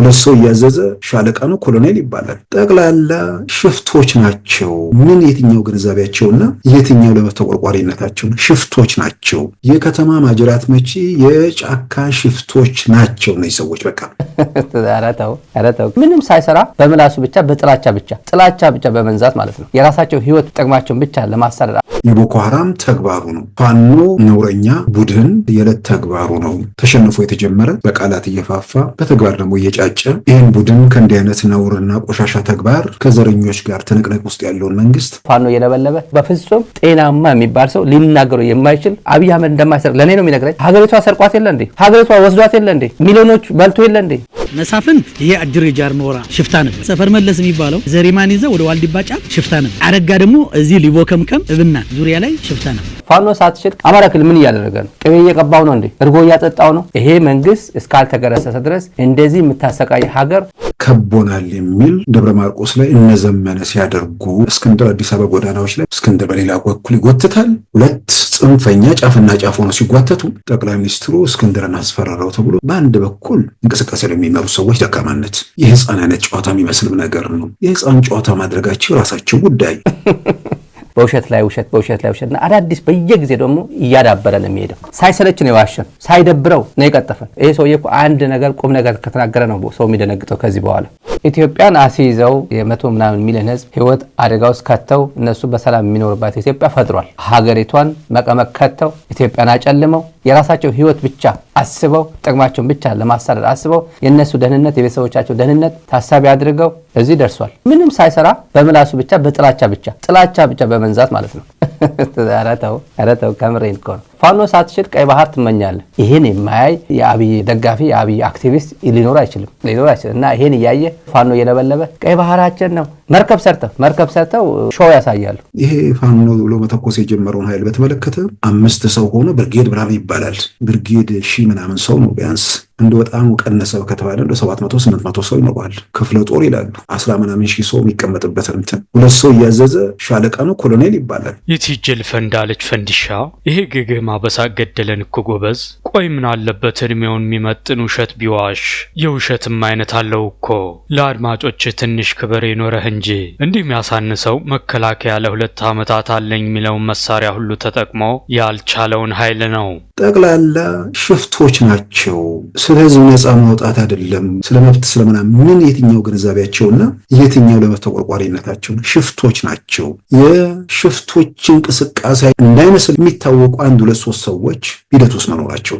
ሁለት ሰው እያዘዘ ሻለቃ ነው ኮሎኔል ይባላል። ጠቅላላ ሽፍቶች ናቸው። ምን የትኛው ግንዛቤያቸውና የትኛው ለመተቆርቋሪነታቸው ሽፍቶች ናቸው። የከተማ ማጅራት መቺ የጫካ ሽፍቶች ናቸው እነዚህ ሰዎች። በቃ ምንም ሳይሰራ በምላሱ ብቻ በጥላቻ ብቻ ጥላቻ ብቻ በመንዛት ማለት ነው የራሳቸው ህይወት ጥቅማቸውን ብቻ ለማሳደር የቦኮ ሀራም ተግባሩ ነው። ፋኖ ነውረኛ ቡድን የዕለት ተግባሩ ነው። ተሸንፎ የተጀመረ በቃላት እየፋፋ በተግባር ደግሞ እየጫ እያጋጨ ይህን ቡድን ከእንዲህ አይነት ነውርና ቆሻሻ ተግባር ከዘረኞች ጋር ትንቅንቅ ውስጥ ያለውን መንግስት ፋኖ እየለበለበ በፍጹም ጤናማ የሚባል ሰው ሊናገረው የማይችል አብይ አህመድ እንደማይሰርቅ ለእኔ ነው የሚነግረኝ። ሀገሪቷ ሰርቋት የለ እንዴ? ሀገሪቷ ወስዷት የለ እንዴ? ሚሊዮኖች በልቶ የለ እንዴ? መሳፍን ይሄ አድር የጃር መራ ሽፍታ ነበር። ሰፈር መለስ የሚባለው ዘሬማን ይዘው ወደ ዋልዲባ ጫፍ ሽፍታ ነበር። አረጋ ደግሞ እዚህ ሊቦ ከምከም እብና ዙሪያ ላይ ሽፍታ ነበር። ፋኖ ሳትችል አማራ ክልል ምን እያደረገ ነው? ቅቤ እየቀባው ነው እንዴ? እርጎ እያጠጣው ነው? ይሄ መንግስት እስካልተገረሰሰ ድረስ እንደዚህ የምታሰቃይ ሀገር ከቦናል የሚል ደብረ ማርቆስ ላይ እነዘመነ ሲያደርጉ እስክንድር አዲስ አበባ ጎዳናዎች ላይ እስክንድር በሌላ በኩል ይጎትታል። ሁለት ጽንፈኛ ጫፍና ጫፍ ሆነው ሲጓተቱ ጠቅላይ ሚኒስትሩ እስክንድርን አስፈራራው ተብሎ በአንድ በኩል እንቅስቃሴ ለሚመሩ ሰዎች ደካማነት የህፃን አይነት ጨዋታ የሚመስልም ነገር ነው። የህፃን ጨዋታ ማድረጋቸው ራሳቸው ጉዳይ በውሸት ላይ ውሸት፣ በውሸት ላይ ውሸት እና አዳዲስ በየጊዜ ደግሞ ነው የሚሄደው ሳይሰለች ነው የዋሸን፣ ሳይደብረው ነው የቀጠፈን። ይህ ሰውዬ እኮ አንድ ነገር ቁም ነገር ከተናገረ ነው ሰው የሚደነግጠው ከዚህ በኋላ ኢትዮጵያን አስይዘው የመቶ ምናምን ሚሊዮን ህዝብ ህይወት አደጋ ውስጥ ከተው እነሱ በሰላም የሚኖርባት ኢትዮጵያ ፈጥሯል። ሀገሪቷን መቀመቅ ከተው ኢትዮጵያን አጨልመው የራሳቸው ህይወት ብቻ አስበው ጥቅማቸውን ብቻ ለማሳደድ አስበው የእነሱ ደህንነት የቤተሰቦቻቸው ደህንነት ታሳቢ አድርገው እዚህ ደርሷል። ምንም ሳይሰራ በምላሱ ብቻ በጥላቻ ብቻ ጥላቻ ብቻ በመንዛት ማለት ነው። ኧረ ተው ከምሬን እኮ ነው። ፋኖ ሳትችል ቀይ ባህር ትመኛለ ይህን የማያይ የአብይ ደጋፊ የአብይ አክቲቪስት ሊኖር አይችልም ሊኖር አይችልም። እና ይህን እያየ ፋኖ እየለበለበ ቀይ ባህራችን ነው መርከብ ሰርተው መርከብ ሰርተው ሾው ያሳያሉ። ይሄ ፋኖ ብሎ መተኮስ የጀመረውን ኃይል በተመለከተ አምስት ሰው ሆነ ብርጌድ ምናምን ይባላል። ብርጌድ ሺህ ምናምን ሰው ነው ቢያንስ እንደ በጣም ቀነሰ ከተባለ እንደ ሰባት መቶ ስምንት መቶ ሰው ይኖረዋል። ክፍለ ጦር ይላሉ አስራ ምናምን ሺህ ሰው የሚቀመጥበት እንትን ሁለት ሰው እያዘዘ ሻለቃ ነው ኮሎኔል ይባላል። የትጀል ፈንዳለች ፈንዲሻ ይሄ ግግም ማበሳቅ ገደለን እኮ ጎበዝ ቆይ ምን አለበት እድሜውን የሚመጥን ውሸት ቢዋሽ? የውሸትም አይነት አለው እኮ። ለአድማጮች ትንሽ ክብር ይኖረህ እንጂ እንዲህ የሚያሳንሰው መከላከያ ለሁለት ዓመታት አለኝ የሚለውን መሳሪያ ሁሉ ተጠቅሞ ያልቻለውን ኃይል ነው። ጠቅላላ ሽፍቶች ናቸው። ስለ ህዝብ ነፃ ማውጣት አይደለም ስለ መብት ስለምናምን ምን የትኛው ግንዛቤያቸውና የትኛው ለመብት ተቆርቋሪነታቸው ሽፍቶች ናቸው። የሽፍቶች እንቅስቃሴ እንዳይመስል የሚታወቁ አንድ ሁለት ሶስት ሰዎች ሂደት ውስጥ መኖራቸው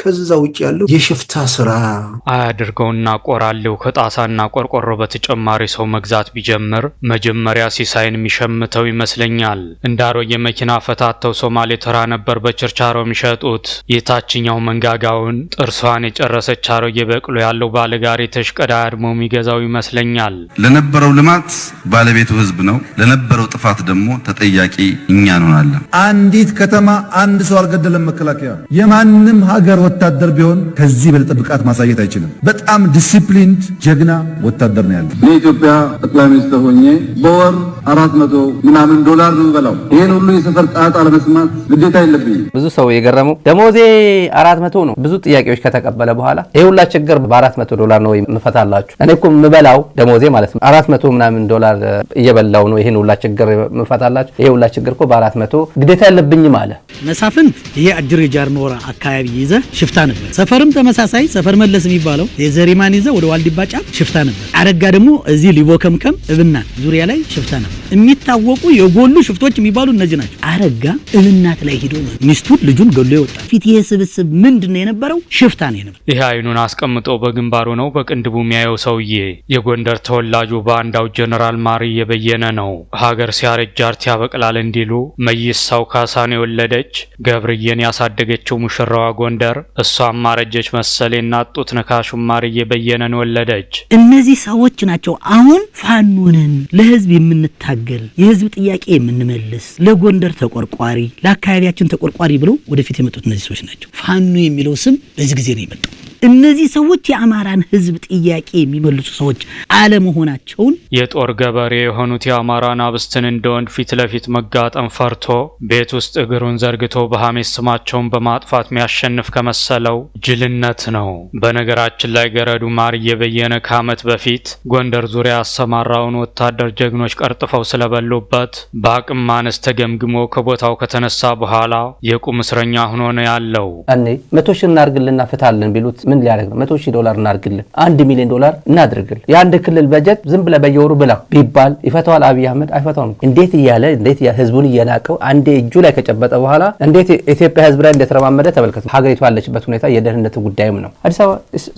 ከዛ ውጭ ያለው የሽፍታ ስራ አያድርገውና ቆራሌው ከጣሳና ቆርቆሮ በተጨማሪ ሰው መግዛት ቢጀምር መጀመሪያ ሲሳይን የሚሸምተው ይመስለኛል። እንደ አሮጌ መኪና ፈታተው ሶማሌ ተራ ነበር በችርቻሮ የሚሸጡት። የታችኛው መንጋጋውን ጥርሷን የጨረሰች አሮጌ በቅሎ ያለው ባለጋሪ ተሽቀዳ ተሽቀዳድሞ የሚገዛው ይመስለኛል። ለነበረው ልማት ባለቤቱ ህዝብ ነው። ለነበረው ጥፋት ደግሞ ተጠያቂ እኛ እንሆናለን። አንዲት ከተማ አንድ ሰው አልገደለም መከላከያ የማንም ሀገር ወታደር ቢሆን ከዚህ በልጥ ብቃት ማሳየት አይችልም። በጣም ዲሲፕሊንድ ጀግና ወታደር ነው ያለ። የኢትዮጵያ ጠቅላይ ሚኒስትር ሆኜ በወር አራት መቶ ምናምን ዶላር ነው በላው። ይህን ሁሉ የሰፈር ጣት አለመስማት ግዴታ የለብኝ። ብዙ ሰው የገረመው ደሞዜ አራት መቶ ነው። ብዙ ጥያቄዎች ከተቀበለ በኋላ ይህ ሁላ ችግር በአራት መቶ ዶላር ነው ምፈታላችሁ? እኔ እኮ የምበላው ደሞዜ ማለት ነው አራት መቶ ምናምን ዶላር እየበላው ነው። ይህን ሁላ ችግር ምፈታላችሁ? ይህ ሁላ ችግር እኮ በአራት መቶ ግዴታ የለብኝም አለ። መሳፍንት ይሄ አድር ኖራ አካባቢ ይዘ ሽፍታ ነበር። ሰፈርም ተመሳሳይ ሰፈር መለስ የሚባለው የዘሪማን ይዘ ወደ ዋልዲባ ጫፍ ሽፍታ ነበር። አረጋ ደግሞ እዚህ ሊቦ ከምከም እብና ዙሪያ ላይ ሽፍታ ነበር። የሚታወቁ የጎሉ ሽፍቶች የሚባሉ እነዚህ ናቸው። አረጋ እብናት ላይ ሂዶ ሚስቱን ልጁን ገሎ የወጣ ፊት ይሄ ስብስብ ምንድን ነው የነበረው? ሽፍታ ነው የነበረው። ይሄ አይኑን አስቀምጦ በግንባሩ ነው በቅንድቡ የሚያየው ሰውዬ የጎንደር ተወላጁ ባንዳው ጀነራል ማሪ የበየነ ነው። ሀገር ሲያረጅ ጃርት ያበቅላል እንዲሉ መይሳው ካሳን የወለደች አረጀች። ገብርዬን ያሳደገችው ሙሽራዋ ጎንደር፣ እሷም መሰሌ እና ጡት ነካሹን ማርዬ በየነን ወለደች። እነዚህ ሰዎች ናቸው አሁን ፋኖንን ለህዝብ የምንታገል የህዝብ ጥያቄ የምንመልስ ለጎንደር ተቆርቋሪ፣ ለአካባቢያችን ተቆርቋሪ ብለው ወደፊት የመጡት እነዚህ ሰዎች ናቸው። ፋኖ የሚለው ስም በዚህ ጊዜ ነው የመጣው። እነዚህ ሰዎች የአማራን ህዝብ ጥያቄ የሚመልሱ ሰዎች አለመሆናቸውን የጦር ገበሬ የሆኑት የአማራን አብስትን እንደ ወንድ ፊት ለፊት መጋጠም ፈርቶ ቤት ውስጥ እግሩን ዘርግቶ በሐሜት ስማቸውን በማጥፋት የሚያሸንፍ ከመሰለው ጅልነት ነው። በነገራችን ላይ ገረዱ ማር እየበየነ ከዓመት በፊት ጎንደር ዙሪያ ያሰማራውን ወታደር ጀግኖች ቀርጥፈው ስለበሉበት በአቅም ማነስ ተገምግሞ ከቦታው ከተነሳ በኋላ የቁም እስረኛ ሆኖ ነው ያለው። እኔ መቶ ሺህ እናርግልና ፍታለን ቢሉት ምን ሊያደርግ ነው? መቶ ሺህ ዶላር እናድርግልን፣ አንድ ሚሊዮን ዶላር እናድርግል፣ የአንድ ክልል በጀት ዝም ብለህ በየወሩ ብላ ቢባል ይፈተዋል? አብይ አህመድ አይፈተውም። እንዴት እያለ እንዴት ህዝቡን እየናቀው አንዴ እጁ ላይ ከጨበጠ በኋላ እንዴት ኢትዮጵያ ህዝብ ላይ እንደተረማመደ ተመልከቱ። ሀገሪቱ ያለችበት ሁኔታ የደህንነት ጉዳይም ነው። አዲስ አበባ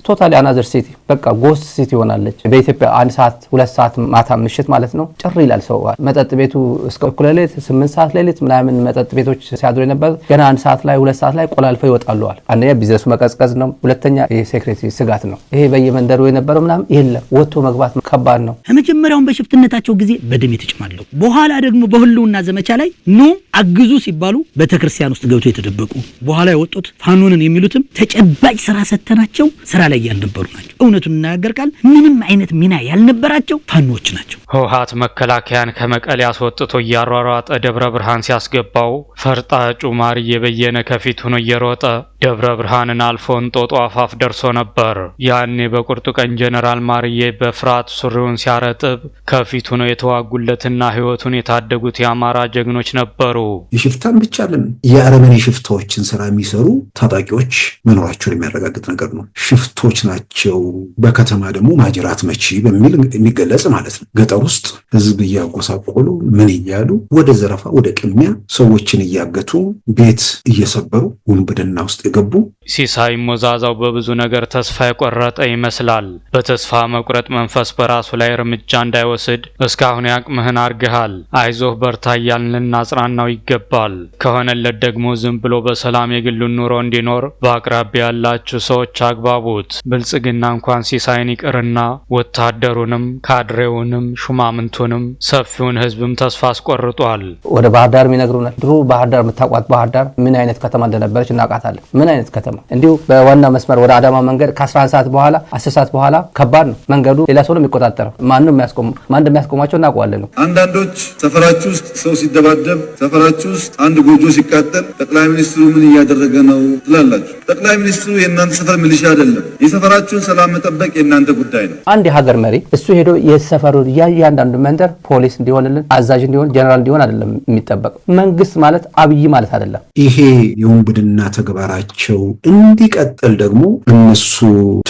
ቶታሊ አናዘር ሲቲ በቃ ጎስት ሲቲ ሆናለች። በኢትዮጵያ አንድ ሰዓት ሁለት ሰዓት ማታ ምሽት ማለት ነው ጭር ይላል ሰው። መጠጥ ቤቱ እስከ እኩለ ሌሊት ስምንት ሰዓት ሌሊት ምናምን መጠጥ ቤቶች ሲያድሩ የነበረ ገና አንድ ሰዓት ላይ ሁለት ሰዓት ላይ ቆላልፈው ይወጣሉዋል። አንደኛ ቢዝነሱ መቀዝቀዝ ነው። ሁለተኛ የሴክሬታሪ ስጋት ነው። ይሄ በየመንደሩ የነበረው ምናም የለም። ወጥቶ መግባት ከባድ ነው። ከመጀመሪያውን በሽፍትነታቸው ጊዜ በደም ተጭማለሁ በኋላ ደግሞ በህልውና ዘመቻ ላይ ኑ አግዙ ሲባሉ ቤተክርስቲያን ውስጥ ገብቶ የተደበቁ በኋላ የወጡት ፋኖንን የሚሉትም ተጨባጭ ስራ ሰተናቸው ስራ ላይ ያልነበሩ ናቸው። እውነቱን እናገር ቃል ምንም አይነት ሚና ያልነበራቸው ፋኖዎች ናቸው። ህወሓት መከላከያን ከመቀሌ አስወጥቶ እያሯሯጠ ደብረ ብርሃን ሲያስገባው ፈርጣጩ ማርዬ በየነ ከፊት ሆኖ እየሮጠ ደብረ ብርሃንን አልፎ እንጦጦ አፋፍ ደርሶ ነበር። ያኔ በቁርጡ ቀን ጀነራል ማርዬ በፍርሃት ሱሪውን ሲያረጥብ ከፊት ሆኖ የተዋጉለትና ህይወቱን የታደጉት የአማራ ጀግኖች ነበሩ። የሽፍታን ብቻ ለም የአረመኔ ሽፍታዎችን ስራ የሚሰሩ ታጣቂዎች መኖራቸውን የሚያረጋግጥ ነገር ነው። ሽፍቶች ናቸው። በከተማ ደግሞ ማጅራት መቺ በሚል የሚገለጽ ማለት ነው። ገጠሩ ውስጥ ህዝብ እያጎሳቆሉ ምን እያሉ ወደ ዘረፋ፣ ወደ ቅድሚያ ሰዎችን እያገቱ ቤት እየሰበሩ ውንብድና ውስጥ የገቡ ሲሳይ ሞዛዛው በብዙ ነገር ተስፋ የቆረጠ ይመስላል። በተስፋ መቁረጥ መንፈስ በራሱ ላይ እርምጃ እንዳይወስድ እስካሁን ያቅምህን አርግሃል፣ አይዞህ በርታ እያልን ልናጽናናው ይገባል። ከሆነለት ደግሞ ዝም ብሎ በሰላም የግሉን ኑሮ እንዲኖር በአቅራቢያ ያላችሁ ሰዎች አግባቡት። ብልጽግና እንኳን ሲሳይን ይቅርና ወታደሩንም ካድሬውንም ሹማምንቱንም ሰፊውን ህዝብም ተስፋ አስቆርጧል። ወደ ባህር ዳርም ይነግሩናል። ድሮ ባህር ዳር የምታውቋት ባህር ዳር ምን አይነት ከተማ እንደነበረች እናውቃታለን። ምን አይነት ከተማ እንዲሁ በዋና መስመር ወደ አዳማ መንገድ ከ11 ሰዓት በኋላ 10 ሰዓት በኋላ ከባድ ነው መንገዱ። ሌላ ሰው ነው የሚቆጣጠረው። ማን እንደሚያስቆማቸው እናውቀዋለን። አንዳንዶች ሰፈራችሁ ውስጥ ሰው ሲደባደብ፣ ሰፈራችሁ ውስጥ አንድ ጎጆ ሲቃጠል ጠቅላይ ሚኒስትሩ ምን እያደረገ ነው ትላላችሁ። ጠቅላይ ሚኒስትሩ የእናንተ ሰፈር ሚሊሻ አይደለም። የሰፈራችሁን ሰላም መጠበቅ የእናንተ ጉዳይ ነው። አንድ የሀገር መሪ እሱ ሄዶ የሰፈሩን እያንዳንዱ መንደር ፖሊስ እንዲሆንልን፣ አዛዥ እንዲሆን፣ ጀነራል እንዲሆን አይደለም የሚጠበቅ መንግስት ማለት አብይ ማለት አይደለም። ይሄ የውንብድና ተግባራቸው እንዲቀጥል ደግሞ እነሱ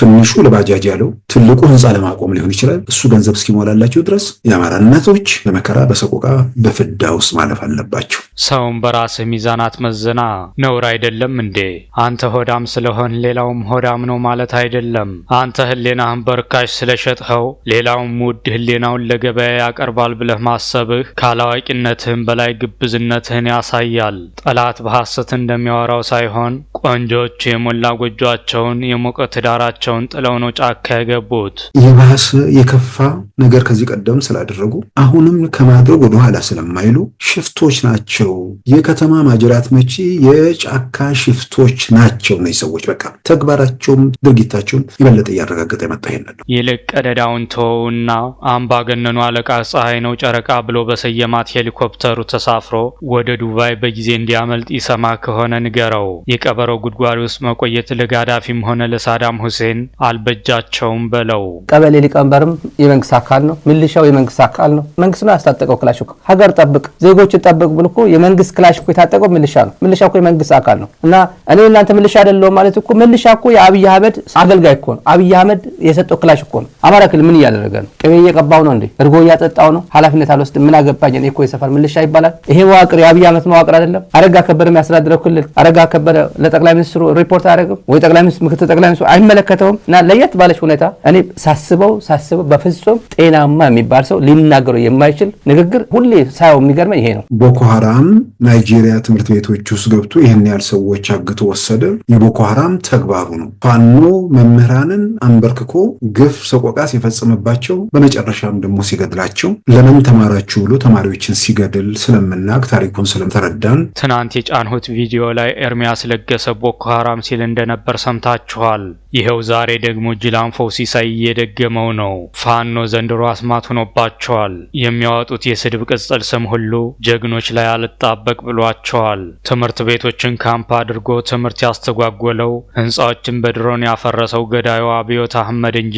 ትንሹ ለባጃጅ ያለው ትልቁ ህንፃ ለማቆም ሊሆን ይችላል። እሱ ገንዘብ እስኪሞላላቸው ድረስ የአማራ እናቶች በመከራ በሰቆቃ በፍዳ ውስጥ ማለፍ አለባቸው። ሰውን በራስህ ሚዛን አትመዝና። ነውር አይደለም እንዴ? አንተ ሆዳም ስለሆን ሌላውም ሆዳም ነው ማለት አይደለም። አንተ ህሌናህን በርካሽ ስለሸጥኸው ሌላውም ውድ ህሌናውን ለገበያ ያቀርባል ብለህ ማሰብህ ካላዋቂነትህም በላይ ግብዝነትህን ያሳያል። ጠላት በሐሰት እንደሚያወራው ሳይሆን ቆንጆች የሞላ ጎጇቸውን የሞቀ ትዳራቸውን ጥለው ነው ጫካ የገቡት። የባሰ የከፋ ነገር ከዚህ ቀደም ስላደረጉ አሁንም ከማድረግ ወደኋላ ስለማይሉ ሽፍቶች ናቸው። የከተማ ማጅራት መቺ የጫካ ሽፍቶች ናቸው እነዚህ ሰዎች። በቃ ተግባራቸውም ድርጊታቸውም የበለጠ እያረጋገጠ የመጣ ይሄንን ነው። ይልቅ ቀደዳውን ተወውና አምባገነ የመኮንኑ አለቃ ፀሐይ ነው ጨረቃ ብሎ በሰየማት ሄሊኮፕተሩ ተሳፍሮ ወደ ዱባይ በጊዜ እንዲያመልጥ ይሰማ ከሆነ ንገረው። የቀበሮ ጉድጓድ ውስጥ መቆየት ለጋዳፊም ሆነ ለሳዳም ሁሴን አልበጃቸውም በለው። ቀበሌ ሊቀመንበርም የመንግስት አካል ነው፣ ምልሻው የመንግስት አካል ነው። መንግስት ነው ያስታጠቀው ክላሽኮ። ሀገር ጠብቅ፣ ዜጎችን ጠብቅ ብሎ እኮ የመንግስት ክላሽኮ የታጠቀው ምልሻ ነው። ምልሻ እኮ የመንግስት አካል ነው እና እኔ እናንተ ምልሻ አይደለሁም ማለት እኮ ምልሻ እኮ የአብይ አህመድ አገልጋይ እኮ ነው። አብይ አህመድ የሰጠው ክላሽ እኮ ነው። አማራ ክልል ምን እያደረገ ነው? ቅቤ እየቀባው ነው እንዴ? እርጎ እያጠጣው ነው፣ ኃላፊነት አልወስድም፣ ምን አገባኝ እኮ የሰፈር ምልሻ ይባላል። ይሄ መዋቅር የአብይ አመት መዋቅር አይደለም። አረጋ ከበደ የሚያስተዳድረው ክልል አረጋ ከበደ ለጠቅላይ ሚኒስትሩ ሪፖርት አያደርግም ወይ? ጠቅላይ ሚኒስትሩ፣ ምክትል ጠቅላይ ሚኒስትሩ አይመለከተውም። እና ለየት ባለች ሁኔታ እኔ ሳስበው ሳስበው በፍጹም ጤናማ የሚባል ሰው ሊናገረው የማይችል ንግግር ሁሌ ሳየው የሚገርመኝ ይሄ ነው። ቦኮ ሀራም ናይጄሪያ ትምህርት ቤቶች ውስጥ ገብቶ ይህን ያህል ሰዎች አግቶ ወሰደ። የቦኮ ሀራም ተግባሩ ነው። ፋኖ መምህራንን አንበርክኮ ግፍ ሰቆቃ ሲፈጽምባቸው በመጨረሻም ደግሞ ሲገድላቸው ለምን ተማራችሁ ብሎ ተማሪዎችን ሲገድል ስለምናቅ ታሪኩን ስለተረዳን ትናንት የጫንሁት ቪዲዮ ላይ ኤርሚያስ ለገሰ ቦኮ ሀራም ሲል እንደነበር ሰምታችኋል። ይኸው ዛሬ ደግሞ ጅላንፎ ሲሳይ እየደገመው ነው። ፋኖ ዘንድሮ አስማት ሆኖባቸዋል። የሚያወጡት የስድብ ቅጽል ስም ሁሉ ጀግኖች ላይ አልጣበቅ ብሏቸዋል። ትምህርት ቤቶችን ካምፕ አድርጎ ትምህርት ያስተጓጎለው፣ ህንፃዎችን በድሮን ያፈረሰው ገዳዩ አብዮት አህመድ እንጂ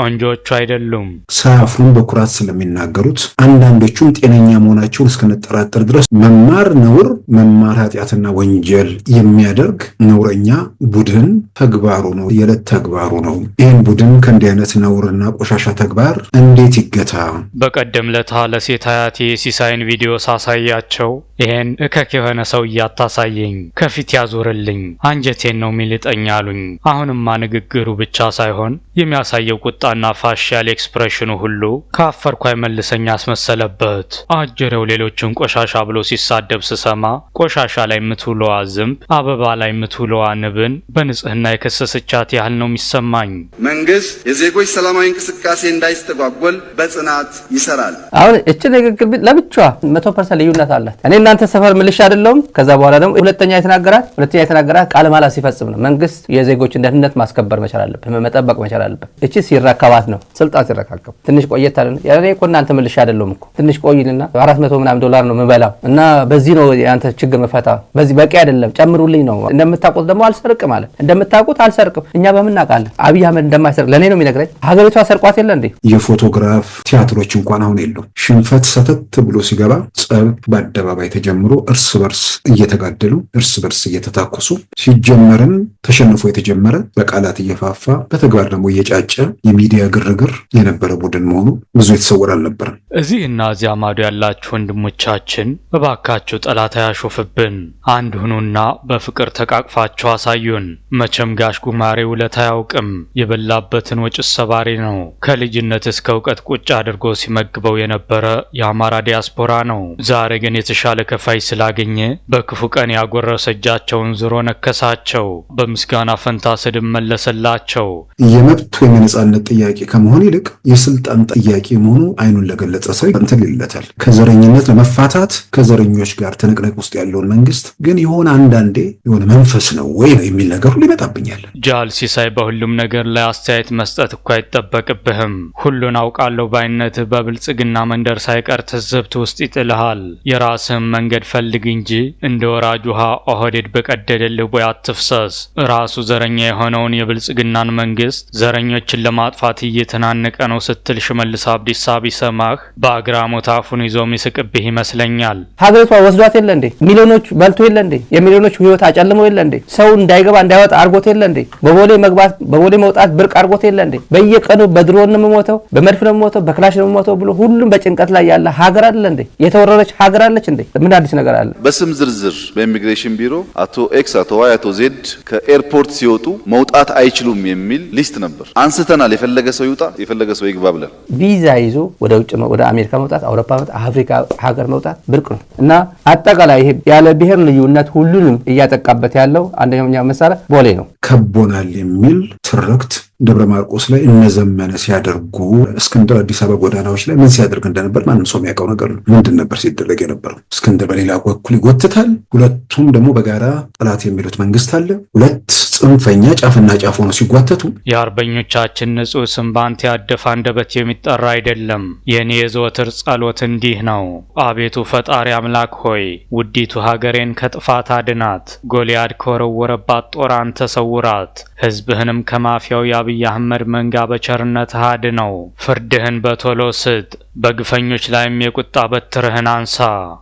ቆንጆቹ አይደሉም። ሳያፍሩን በኩራ በስፋት ስለሚናገሩት አንዳንዶቹም ጤነኛ መሆናቸውን እስክንጠራጠር ድረስ መማር ነውር፣ መማር ኃጢአትና ወንጀል የሚያደርግ ነውረኛ ቡድን ተግባሩ ነው፣ የዕለት ተግባሩ ነው። ይህን ቡድን ከእንዲህ አይነት ነውርና ቆሻሻ ተግባር እንዴት ይገታ? በቀደም ለታ ለሴት አያቴ ሲሳይን ቪዲዮ ሳሳያቸው ይሄን እከክ የሆነ ሰው እያታሳየኝ ከፊት ያዞርልኝ አንጀቴን ነው ሚልጠኛ አሉኝ። አሁንማ ንግግሩ ብቻ ሳይሆን የሚያሳየው ቁጣና ፋሻል ኤክስፕሬሽኑ ሁሉ ካፈርኩ የመልሰኝ አስመሰለበት። አጀሬው ሌሎችን ቆሻሻ ብሎ ሲሳደብ ስሰማ ቆሻሻ ላይ የምትውለዋ ዝንብ አበባ ላይ የምትውለዋ ንብን በንጽህና የከሰሰቻት ያህል ነው የሚሰማኝ። መንግስት የዜጎች ሰላማዊ እንቅስቃሴ እንዳይስተጓጎል በጽናት ይሰራል። አሁን እች ንግግር ለብቻዋ መቶ ፐርሰንት ልዩነት አላት። እኔ እናንተ ሰፈር ምልሽ አይደለውም። ከዛ በኋላ ደግሞ ሁለተኛ የተናገራት ሁለተኛ የተናገራት ቃለ ማላ ሲፈጽም ነው መንግስት የዜጎችን ደህንነት ማስከበር መቻል አለበት መጠበቅ መቻል አለበት። እቺ ሲረከባት ነው ስልጣን ሲረካከቡ ትንሽ ቆየት አለ ያኔ እኮ እናንተ መልሻ አይደለም እኮ ትንሽ ቆይልና አራት መቶ ምናምን ዶላር ነው የምበላው እና በዚህ ነው የአንተ ችግር መፈታ በዚህ በቂ አይደለም ጨምሩልኝ ነው። እንደምታውቁት ደግሞ አልሰርቅም አለ። እንደምታውቁት አልሰርቅም እኛ በምናውቃለን አብይ አህመድ እንደማይሰርቅ ለእኔ ነው የሚነግረኝ። ሀገሪቷ ሰርቋት የለ እንዴ የፎቶግራፍ ቲያትሮች እንኳን አሁን የሉም። ሽንፈት ሰተት ብሎ ሲገባ ጸብ በአደባባይ ተጀምሮ እርስ በርስ እየተጋደሉ እርስ በርስ እየተታኮሱ ሲጀመርን ተሸንፎ የተጀመረ በቃላት እየፋፋ በተግባር ደግሞ እየጫጨ የሚዲያ ግርግር የነበረ ቡድን መሆኑ ብዙ የተሰወር አልነበረም። እዚህ እና እዚያ ማዶ ያላችሁ ወንድሞቻችን እባካችሁ ጠላት አያሾፍብን፣ አንድ ሁኑና በፍቅር ተቃቅፋችሁ አሳዩን። መቼም ጋሽ ጉማሬ ውለት አያውቅም። የበላበትን ወጭ ሰባሪ ነው። ከልጅነት እስከ እውቀት ቁጭ አድርጎ ሲመግበው የነበረ የአማራ ዲያስፖራ ነው። ዛሬ ግን የተሻለ ከፋይ ስላገኘ በክፉ ቀን ያጎረሰ እጃቸውን ዝሮ ነከሳቸው። በምስጋና ፈንታ ስድብ መለሰላቸው። የመብት ከቶ የነጻነት ጥያቄ ከመሆን ይልቅ የስልጣን ጥያቄ መሆኑ አይኑን ለገለጸ ሰው እንትን ይለታል። ከዘረኝነት ለመፋታት ከዘረኞች ጋር ትንቅንቅ ውስጥ ያለውን መንግስት ግን የሆነ አንዳንዴ የሆነ መንፈስ ነው ወይ ነው የሚል ነገር ሁሉ ይመጣብኛል። ጃል ሲሳይ በሁሉም ነገር ላይ አስተያየት መስጠት እኮ አይጠበቅብህም። ሁሉን አውቃለሁ ባይነት በብልጽግና መንደር ሳይቀር ትዝብት ውስጥ ይጥልሃል። የራስህን መንገድ ፈልግ እንጂ እንደ ወራጅ ውሃ ኦህዴድ በቀደደልህ ቦይ አትፍሰስ። ራሱ ዘረኛ የሆነውን የብልጽግናን መንግስት ዘረኞችን ለማጥፋት እየተናነቀ ነው ስትል ሽመልስ አብዲሳ ቢሰማህ በአግራሞት አፉን ይዞ ሚስቅብህ ይመስለኛል። ሀገሪቷ ወስዷት የለ እንዴ? ሚሊዮኖች በልቶ የለ እንዴ? የሚሊዮኖች ህይወት አጨልሞ የለ እንዴ? ሰው እንዳይገባ እንዳይወጣ አርጎት የለ እንዴ? በቦሌ መግባት በቦሌ መውጣት ብርቅ አርጎት የለ እንዴ? በየቀኑ በድሮን ነው የምሞተው፣ በመድፍ ነው የምሞተው፣ በክላሽ ነው የምሞተው ብሎ ሁሉም በጭንቀት ላይ ያለ ሀገር አለ እንዴ? የተወረረች ሀገር አለች እንዴ? ምን አዲስ ነገር አለ? በስም ዝርዝር በኢሚግሬሽን ቢሮ አቶ ኤክስ አቶ ዋይ አቶ ዜድ ከኤርፖርት ሲወጡ መውጣት አይችሉም የሚል ሊስት ነበር። ነበር። አንስተናል። የፈለገ ሰው ይውጣ፣ የፈለገ ሰው ይግባ ብለን ቪዛ ይዞ ወደ ውጭ ወደ አሜሪካ መውጣት፣ አውሮፓ መውጣት፣ አፍሪካ ሀገር መውጣት ብርቅ ነው እና አጠቃላይ ይሄ ያለ ብሔር ልዩነት ሁሉንም እያጠቃበት ያለው አንደኛው መሳሪያ ቦሌ ነው ከቦናል የሚል ትርክት ደብረ ማርቆስ ላይ እነዘመነ ሲያደርጉ እስክንድር አዲስ አበባ ጎዳናዎች ላይ ምን ሲያደርግ እንደነበር ማንም ሰው የሚያውቀው ነገር ነው። ምንድን ነበር ሲደረግ የነበረው? እስክንድር በሌላ በኩል ይጎትታል። ሁለቱም ደግሞ በጋራ ጠላት የሚሉት መንግስት አለ። ሁለት ጽንፈኛ ጫፍና ጫፍ ሆነው ሲጓተቱ የአርበኞቻችን ንጹህ ስም ባንተ ያደፈ አንደበት የሚጠራ አይደለም። የእኔ የዘወትር ጸሎት እንዲህ ነው። አቤቱ ፈጣሪ አምላክ ሆይ ውዲቱ ሀገሬን ከጥፋት አድናት። ጎልያድ ከወረወረባት ጦር አንተ ሰውራት፣ ሕዝብህንም ከማፊያው አብይ አህመድ መንጋ በቸርነት አድነው፣ ፍርድህን በቶሎ ስጥ። በግፈኞች ላይም የቁጣ በትርህን አንሳ።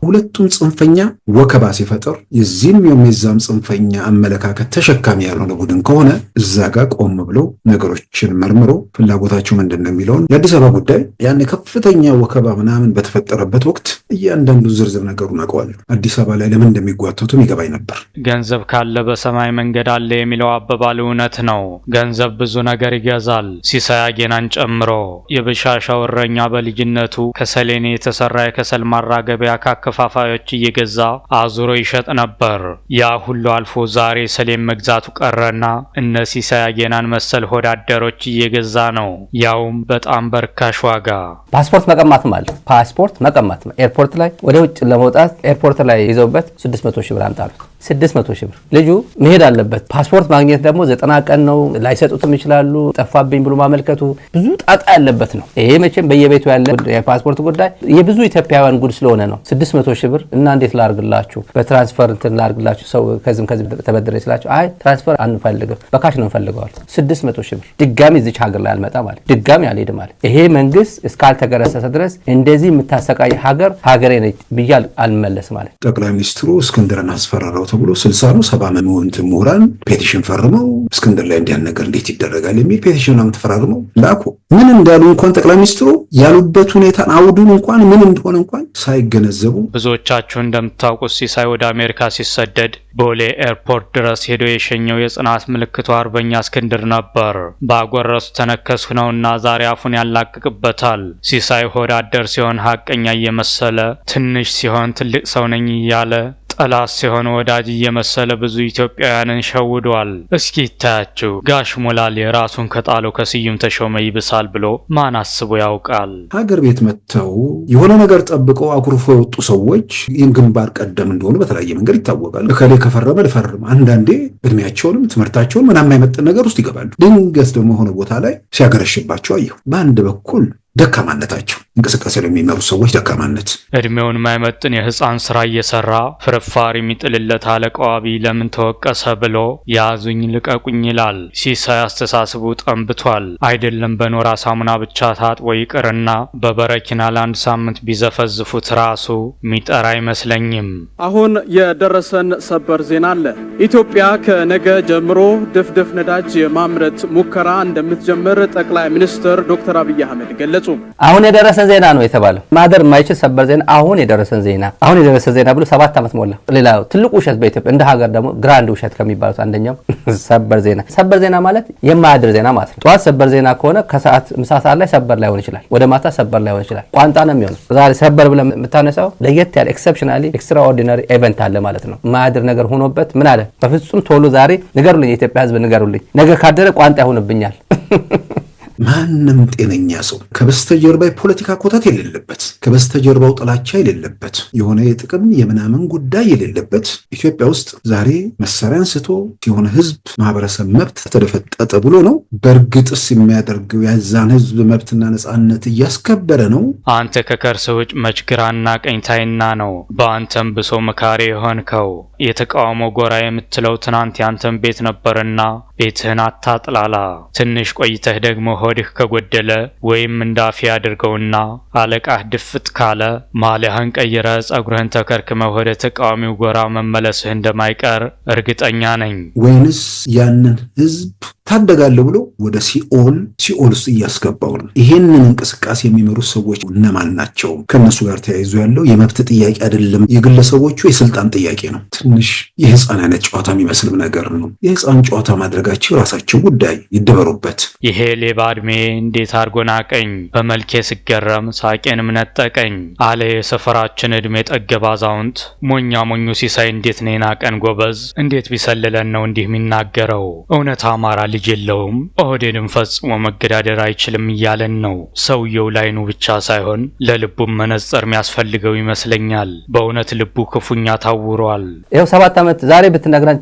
ሁለቱም ጽንፈኛ ወከባ ሲፈጥር የዚህም የዛም ጽንፈኛ አመለካከት ተሸካሚ ያልሆነ ቡድን ከሆነ እዛ ጋር ቆም ብሎ ነገሮችን መርምሮ ፍላጎታቸው ምንድን ነው የሚለውን የአዲስ አበባ ጉዳይ ያን ከፍተኛ ወከባ ምናምን በተፈጠረበት ወቅት እያንዳንዱ ዝርዝር ነገሩን አውቀዋለሁ። አዲስ አበባ ላይ ለምን እንደሚጓተቱም ይገባኝ ነበር። ገንዘብ ካለ በሰማይ መንገድ አለ የሚለው አባባል እውነት ነው። ገንዘብ ብዙ ነገር ይገዛል፣ ሲሳይ አጌናን ጨምሮ የበሻሻው እረኛ በልጅነት በእለቱ ከሰሌን የተሰራ የከሰል ማራገቢያ ከአከፋፋዮች እየገዛ አዙሮ ይሸጥ ነበር። ያ ሁሉ አልፎ ዛሬ ሰሌን መግዛቱ ቀረና እነ ሲሳይ አየናን መሰል ሆዳደሮች እየገዛ ነው፣ ያውም በጣም በርካሽ ዋጋ። ፓስፖርት መቀማት ማለት ፓስፖርት መቀማት ኤርፖርት ላይ ወደ ውጭ ለመውጣት ኤርፖርት ላይ ይዘውበት 600 ሺ ብር አምጣሉት። 600 ብር ልጁ መሄድ አለበት። ፓስፖርት ማግኘት ደግሞ ዘጠና ቀን ነው። ላይሰጡትም ይችላሉ። ጠፋብኝ ብሎ ማመልከቱ ብዙ ጣጣ ያለበት ነው። ይሄ መቼም በየቤቱ ያለ የፓስፖርት ጉዳይ የብዙ ኢትዮጵያውያን ጉድ ስለሆነ ነው። 600 ሺህ ብር እና እንዴት ላርግላችሁ በትራንስፈር እንትን ላርግላችሁ ሰው ከዚህም ከዚህ ተበድረ ስላቸው አይ ትራንስፈር አንፈልግም በካሽ ነው እንፈልገዋል። 600 ሺህ ብር ድጋሚ እዚች ሀገር ላይ አልመጣ ማለት ድጋሚ አልሄድም ማለት ይሄ መንግስት እስካልተገረሰሰ ድረስ እንደዚህ የምታሰቃይ ሀገር ሀገሬ ነች ብያል አልመለስ ማለት ጠቅላይ ሚኒስትሩ እስክንድርን አስፈራራው ተብሎ ስልሳ ነው ሰባ መሆንት ምሁራን ፔቲሽን ፈርመው እስክንድር ላይ እንዲያን ነገር እንዴት ይደረጋል የሚል ፔቲሽን ምናምን ተፈራርመው ላኩ። ምን እንዳሉ እንኳን ጠቅላይ ሚኒስትሩ ያሉበት ሁኔታን አውዱን እንኳን ምን እንደሆነ እንኳን ሳይገነዘቡ ብዙዎቻችሁ እንደምታውቁት ሲሳይ ወደ አሜሪካ ሲሰደድ ቦሌ ኤርፖርት ድረስ ሄዶ የሸኘው የጽናት ምልክቱ አርበኛ እስክንድር ነበር። ባጎረሱ ተነከስሁ ነውና ዛሬ አፉን ያላቅቅበታል። ሲሳይ ሆዳደር ሲሆን ሀቀኛ እየመሰለ ትንሽ ሲሆን ትልቅ ሰው ነኝ እያለ ጠላት ሲሆን ወዳጅ እየመሰለ ብዙ ኢትዮጵያውያንን ሸውዷል። እስኪ ይታያችሁ ጋሽ ሞላሌ ራሱን ከጣለው ከስዩም ተሾመ ይብሳል ብሎ ማን አስቦ ያውቃል? ሀገር ቤት መጥተው የሆነ ነገር ጠብቀው አኩርፎ የወጡ ሰዎች ይህን ግንባር ቀደም እንደሆኑ በተለያየ መንገድ ይታወቃል። እከሌ ከፈረመ ልፈርም። አንዳንዴ እድሜያቸውንም ትምህርታቸውን ምናምን የማይመጥን ነገር ውስጥ ይገባሉ። ድንገት ደግሞ የሆነ ቦታ ላይ ሲያገረሽባቸው አየሁ። በአንድ በኩል ደካማነታቸው እንቅስቃሴ ላይ የሚመሩ ሰዎች ደካማነት እድሜውን ማይመጥን የህፃን ስራ እየሰራ ፍርፋሪ የሚጥልለት አለቃው ለምን ተወቀሰ ብሎ ያዙኝ ልቀቁኝ ይላል። ሲሳይ አስተሳስቡ ጠንብቷል። አይደለም በኖራ ሳሙና ብቻ ታጥቦ ይቅርና በበረኪና ለአንድ ሳምንት ቢዘፈዝፉት ራሱ ሚጠራ አይመስለኝም። አሁን የደረሰን ሰበር ዜና አለ። ኢትዮጵያ ከነገ ጀምሮ ድፍድፍ ነዳጅ የማምረት ሙከራ እንደምትጀምር ጠቅላይ ሚኒስትር ዶክተር አብይ አህመድ ገለጹ። በፍጹም አሁን የደረሰን ዜና ነው የተባለው። ማደር የማይችል ሰበር ዜና፣ አሁን የደረሰን ዜና፣ አሁን የደረሰን ዜና ብሎ ሰባት ዓመት ሞላ። ሌላ ትልቁ ውሸት በኢትዮጵያ እንደ ሀገር ደግሞ ግራንድ ውሸት ከሚባሉት አንደኛው ሰበር ዜና። ሰበር ዜና ማለት የማያድር ዜና ማለት ነው። ጠዋት ሰበር ዜና ከሆነ ከሰዓት ምሳ ሰዓት ላይ ሰበር ላይሆን ይችላል፣ ወደ ማታ ሰበር ላይሆን ይችላል። ቋንጣ ነው የሚሆነው። ዛሬ ሰበር ብለህ የምታነሳው ለየት ያለ ኤክሰፕሽናሊ ኤክስትራኦርዲናሪ ኤቨንት አለ ማለት ነው። ማያድር ነገር ሆኖበት ምን አለ በፍጹም ቶሎ ዛሬ ንገሩልኝ፣ የኢትዮጵያ ህዝብ ንገሩልኝ። ነገር ካደረ ቋንጣ ይሆንብኛል። ማንም ጤነኛ ሰው ከበስተጀርባ የፖለቲካ ኮተት የሌለበት ከበስተጀርባው ጥላቻ የሌለበት የሆነ የጥቅም የምናምን ጉዳይ የሌለበት ኢትዮጵያ ውስጥ ዛሬ መሳሪያ አንስቶ የሆነ ህዝብ ማህበረሰብ መብት ተደፈጠጠ ብሎ ነው። በእርግጥስ የሚያደርገው ያዛን ህዝብ መብትና ነፃነት እያስከበረ ነው? አንተ ከከርሰ ውጭ መች ግራና ቀኝ ታይና ነው። በአንተም ብሶ መካሪ የሆንከው የተቃውሞ ጎራ የምትለው ትናንት ያንተን ቤት ነበርና ቤትህን አታጥላላ። ትንሽ ቆይተህ ደግሞ ሆድህ ከጎደለ ወይም እንዳፊ አድርገውና አለቃህ ድፍት ካለ ማሊያህን ቀይረ ጸጉርህን ተከርክመ ወደ ተቃዋሚው ጎራ መመለስህ እንደማይቀር እርግጠኛ ነኝ። ወይንስ ያንን ህዝብ ታደጋለሁ ብሎ ወደ ሲኦል ሲኦል ውስጥ እያስገባው ነው። ይሄንን እንቅስቃሴ የሚመሩት ሰዎች እነማን ናቸው? ከእነሱ ጋር ተያይዞ ያለው የመብት ጥያቄ አይደለም፣ የግለሰቦቹ የስልጣን ጥያቄ ነው። ትንሽ የህፃን አይነት ጨዋታ የሚመስልም ነገር ነው። የህፃን ጨዋታ ማድረጋቸው ራሳቸው ጉዳይ ይደበሩበት። ይሄ ሌባ ባድሜ እንዴት አርጎ ናቀኝ፣ በመልኬ ስገረም ሳቄንም ነጠቀኝ አለ የሰፈራችን እድሜ ጠገብ አዛውንት። ሞኛ ሞኙ ሲሳይ እንዴት ነው የናቀን ጎበዝ፣ እንዴት ቢሰልለን ነው እንዲህ የሚናገረው? እውነት አማራ ልጅ የለውም፣ ኦህዴድን ፈጽሞ መገዳደር አይችልም እያለን ነው። ሰውየው ላይኑ ብቻ ሳይሆን ለልቡም መነጽር የሚያስፈልገው ይመስለኛል። በእውነት ልቡ ክፉኛ ታውሯል። ይኸው ሰባት ዓመት ዛሬ ብትነግረን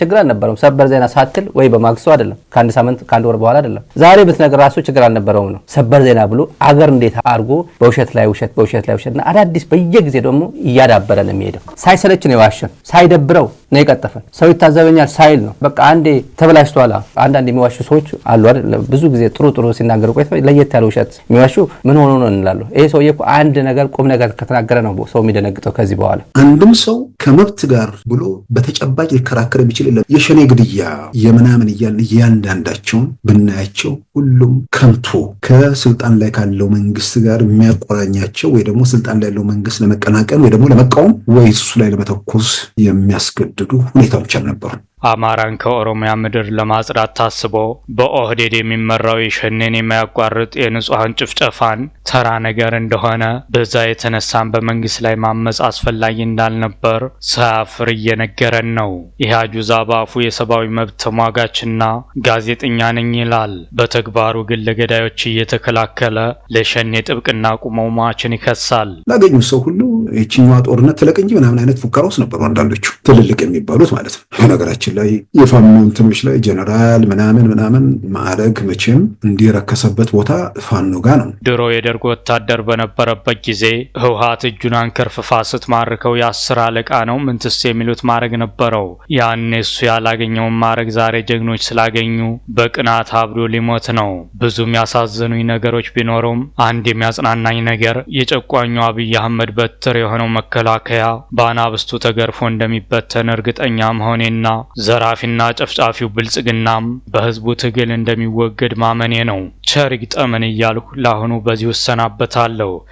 ችግር አልነበረም። ሰበር ዜና ሳትል ወይ በማግስቱ አይደለም ከአንድ ሳምንት ከአንድ ወር በኋላ አይደለም። ዛሬ ብትነግር ራሱ ችግር አልነበረውም ነው። ሰበር ዜና ብሎ አገር እንዴት አድርጎ በውሸት ላይ ውሸት በውሸት ላይ ውሸት ውሸትና አዳዲስ በየጊዜ ደግሞ እያዳበረ ነው የሚሄደው። ሳይሰለች ነው የዋሸን ሳይደብረው ነው የቀጠፈን። ሰው ይታዘበኛል ሳይል ነው በቃ አንዴ ተበላሽቷላ። አንዳንድ የሚዋሹ ሰዎች አሉ አይደል? ብዙ ጊዜ ጥሩ ጥሩ ሲናገሩ ቆይ ለየት ያለ ውሸት የሚዋሹ ምን ሆኖ ነው እንላለሁ። ይሄ ሰውዬ እኮ አንድ ነገር ቁም ነገር ከተናገረ ነው ሰው የሚደነግጠው። ከዚህ በኋላ አንድም ሰው ከመብት ጋር ብሎ በተጨባጭ ሊከራከር የሚችል የለም። የሸኔ ግድያ የምናምን እያልን እያንዳንዳቸውን ብናያቸው ሁሉም ከንቱ ከስልጣን ላይ ካለው መንግስት ጋር የሚያቆራኛቸው ወይ ደግሞ ስልጣን ላይ ያለው መንግስት ለመቀናቀን ወይ ደግሞ ለመቃወም ወይ እሱ ላይ ለመተኮስ የሚያስገድ ያስገደዱ ሁኔታዎች አልነበሩም። አማራን ከኦሮሚያ ምድር ለማጽዳት ታስቦ በኦህዴድ የሚመራው የሸኔን የማያቋርጥ የንጹሐን ጭፍጨፋን ተራ ነገር እንደሆነ በዛ የተነሳን በመንግስት ላይ ማመፅ አስፈላጊ እንዳልነበር ሳያፍር እየነገረን ነው። ኢህአጁ ዛባፉ የሰብአዊ መብት ተሟጋችና ጋዜጠኛ ነኝ ይላል። በተግባሩ ግን ለገዳዮች እየተከላከለ ለሸኔ ጥብቅና ቁመው ማችን ይከሳል። ላገኙ ሰው ሁሉ የችኛዋ ጦርነት ትለቅ እንጂ ምናምን አይነት ፉከራ ውስጥ ነበሩ አንዳንዶቹ ትልልቅ የሚባሉት ማለት ነው ነገራችን ላይ የፋኖ እንትኖች ላይ ጀነራል ምናምን ምናምን ማዕረግ መቼም እንዲረከሰበት ቦታ ፋኖ ጋ ነው። ድሮ የደርግ ወታደር በነበረበት ጊዜ ህውሀት እጁን አንከርፍፋ ስትማርከው የአስር አለቃ ነው ምንትስ የሚሉት ማዕረግ ነበረው። ያኔ እሱ ያላገኘውን ማዕረግ ዛሬ ጀግኖች ስላገኙ በቅናት አብዶ ሊሞት ነው። ብዙ የሚያሳዝኑኝ ነገሮች ቢኖሩም አንድ የሚያጽናናኝ ነገር የጨቋኙ አብይ አህመድ በትር የሆነው መከላከያ በአናብስቱ ተገርፎ እንደሚበተን እርግጠኛ መሆኔና ዘራፊና ጨፍጫፊው ብልጽግናም በህዝቡ ትግል እንደሚወገድ ማመኔ ነው። ቸር ይግጠመን እያልሁ ለአሁኑ በዚህ እሰናበታለሁ።